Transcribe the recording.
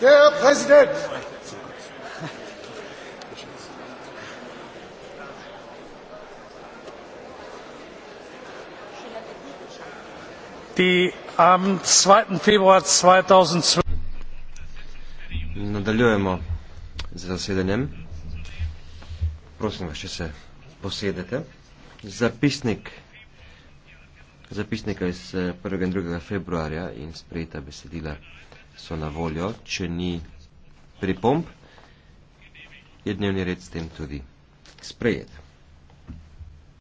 Herr Präsident! Die am 2. Februar 2012. Nadaljujemo z zasedanjem. Prosim, vas, če se posedete. Zapisnik zapisnika iz 1. Eh, in 2. februarja in sprejeta besedila so na voljo. Če ni pripomp, je dnevni red s tem tudi sprejet.